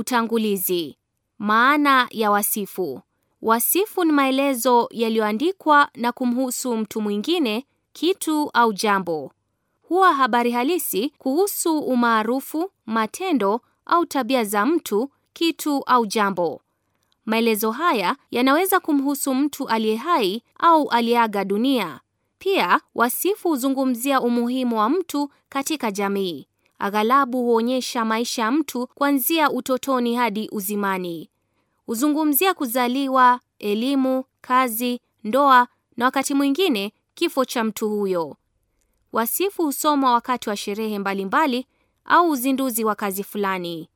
Utangulizi. Maana ya wasifu. Wasifu ni maelezo yaliyoandikwa na kumhusu mtu mwingine, kitu au jambo. Huwa habari halisi kuhusu umaarufu, matendo au tabia za mtu, kitu au jambo. Maelezo haya yanaweza kumhusu mtu aliye hai au aliyeaga dunia. Pia wasifu huzungumzia umuhimu wa mtu katika jamii aghalabu huonyesha maisha ya mtu kuanzia utotoni hadi uzimani. Huzungumzia kuzaliwa, elimu, kazi, ndoa na wakati mwingine kifo cha mtu huyo. Wasifu husomwa wakati wa sherehe mbalimbali au uzinduzi wa kazi fulani.